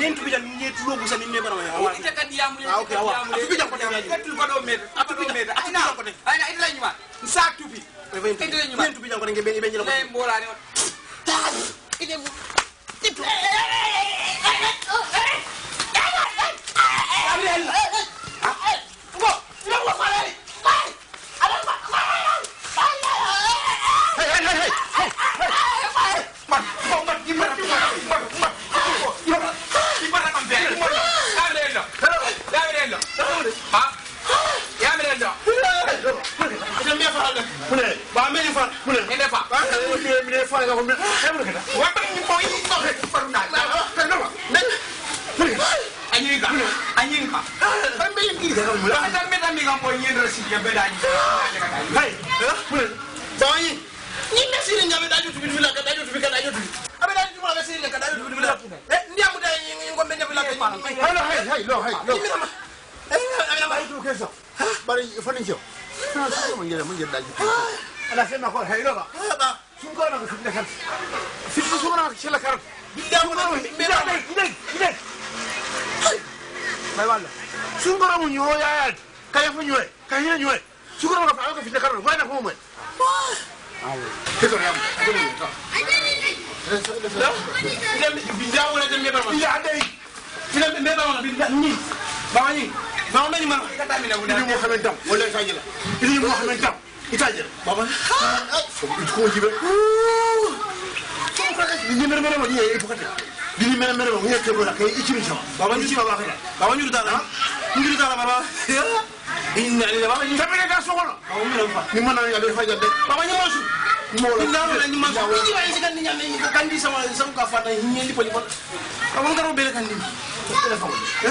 నేను చూపించాను నేను ఎట్లో కూర్చొని నిన్నే మనం చూపించాను చూపించాను mu ne waa meli fan mu ne. meli fan waaw xam nga meli meli fan nga ko meli xew na ko def. waaw man mii mooy soxla faru naa la waaw ah, te ne ma nekk. mu ne a ñini ka a ñini ka. ban bɛ yen kiri. waaw daal mɛ daal mi ka bɔ ɲɛ dɔ si jɛ bɛɛ daji. ayi mu ne ah, bawa ye. Ah, ni bɛ siri ɲa bɛ daji tubi tubi la ka daji tubi ka daji tubi. a bɛ daji tubi la bɛ siri ɲa ka daji tubi tubi la. ɛ n diya mu da ye n ko n bɛ ɲɛ bila ka ɲɛ. hayi hayi hayi lɔ hayi lɔ. a bɛ na ma. bari fɔ ni cɛ. منجد منجد داجي انا سمع كور هيدا با سمكور ما كسبنا كرت سمكور سمكور ما كشلا كرت بالله ولا بالله إيدك إيدك إيدك ما يبالله سمكور من يهوي عاد كيف من يهوي كيف من يهوي سمكور ما كفعلك في الكرت وين هو من تدور يا لا بالله ولا بالله بالله عليك بالله بالله ولا بالله مين بعدين Mama nani mama? Kata mimi nakuna. Ni Muhammad Dam. Wala itajira. Ni Muhammad Dam. Itajira. Mama. Ituko jibe. Ni mere mere mwenye ipokate. Ni mere mere mwenye kebo na kai ichimi chama. Baba nyusi baba kana. Baba nyuri tala. Nyuri tala baba. Inna lillahi baba nyuri. Tabele da sokono. Baba mimi nafa. Ni mana ya be faja de. Baba nyamosu. Mola. Ndawe ni masu. Ni ba yisi kan ni nyame ni kandi sama sama ka fata hinye lipo lipo. Baba ngaro bele kandi. Telefon. Ya.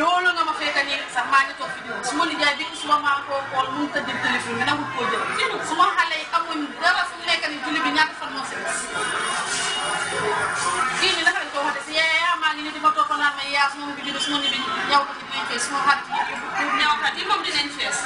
loolu nga ma fekka nii sax maa ngi toog fi di su ma bi su ma maa koo xool mu ngi tëdd téléphone nga nangu koo jël su ma xale yi amuñ dara fu mu nekk nii julli fan moo si des kii nii naka lañ ko si yaay yaa maa ngi di ma toog naan ma yaa su ma mujj bi su ma ñëw ko ci biir fees su ma xarit yi moom fees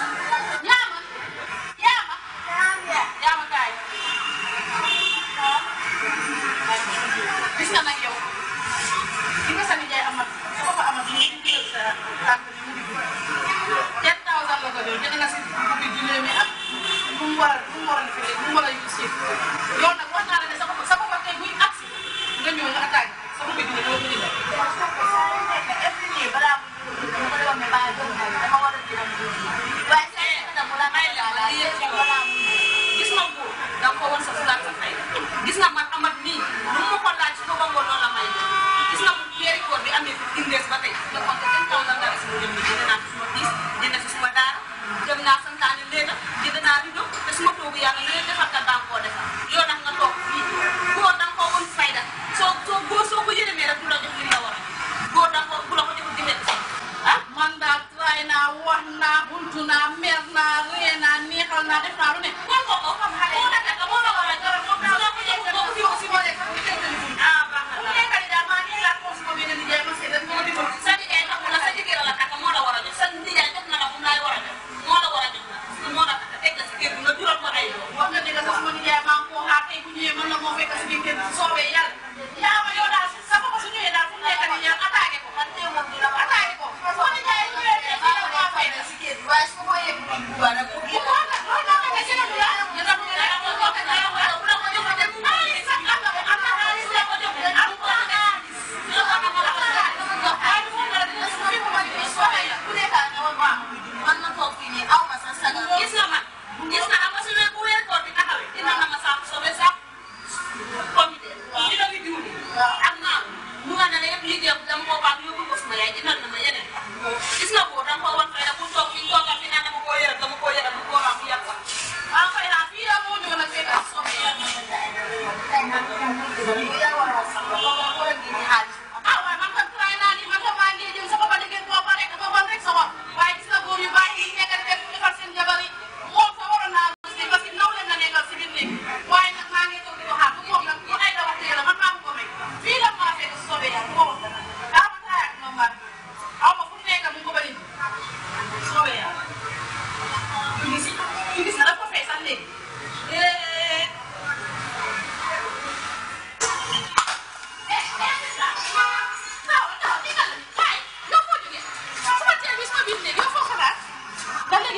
waxtaane nee na di danaa di dox te su ma toogu yàlla la nga defar ka koo defar yow nag nga toog fii góor da koo woon fayda soo soo soo ko yërëmee rek du la jox li nga war a góor da nga ko bu la ko jox di nekk ah man daal waay naa wax naa buntu naa mer naa ree naa neexal naa def ne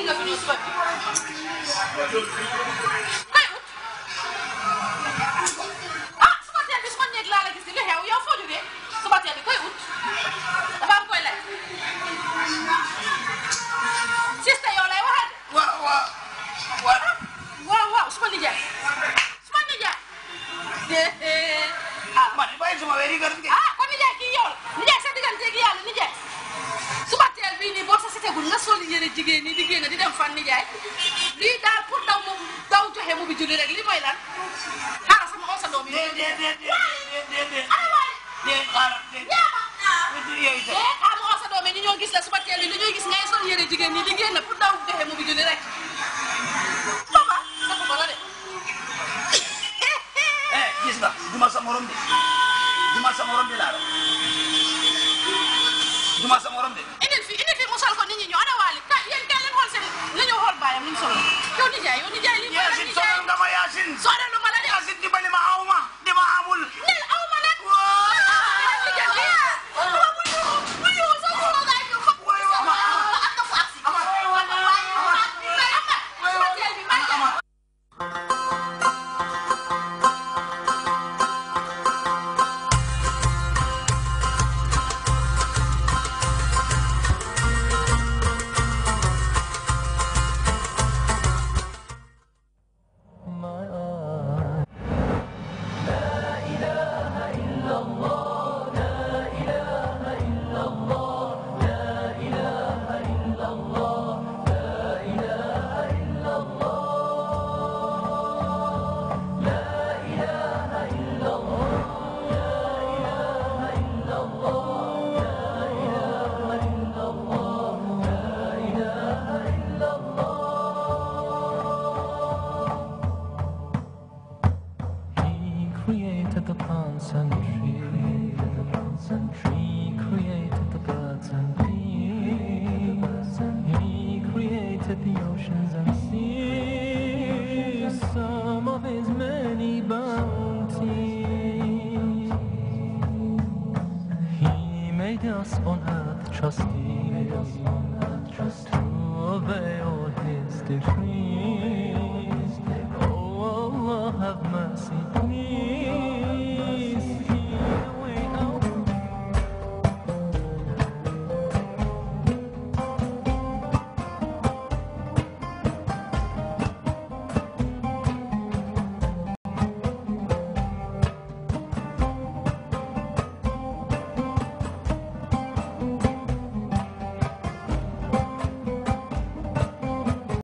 Dlaczego go wyniosłem? ah suba teel bi su ma nekk laa la gis di li xew yow foo jógee suba teel bi koy xale jigéen ñi liggéey na fu daw joxe mu ngi julli rek papa sama bala eh, sa morom de duma sa morom de laa la duma sa morom de indil fi fi mu ko nit ñu ana waali ka yéen ka leen xool ñu xool baayam ni mu solo yow nijaay yow nijaay li ma la nijaay Yaasin de plants and The plants and tree created the birds and bees. He created the oceans and seas. Some of his many bounties. He made us on earth trustees. To obey all his decrees. Oh Allah, have mercy.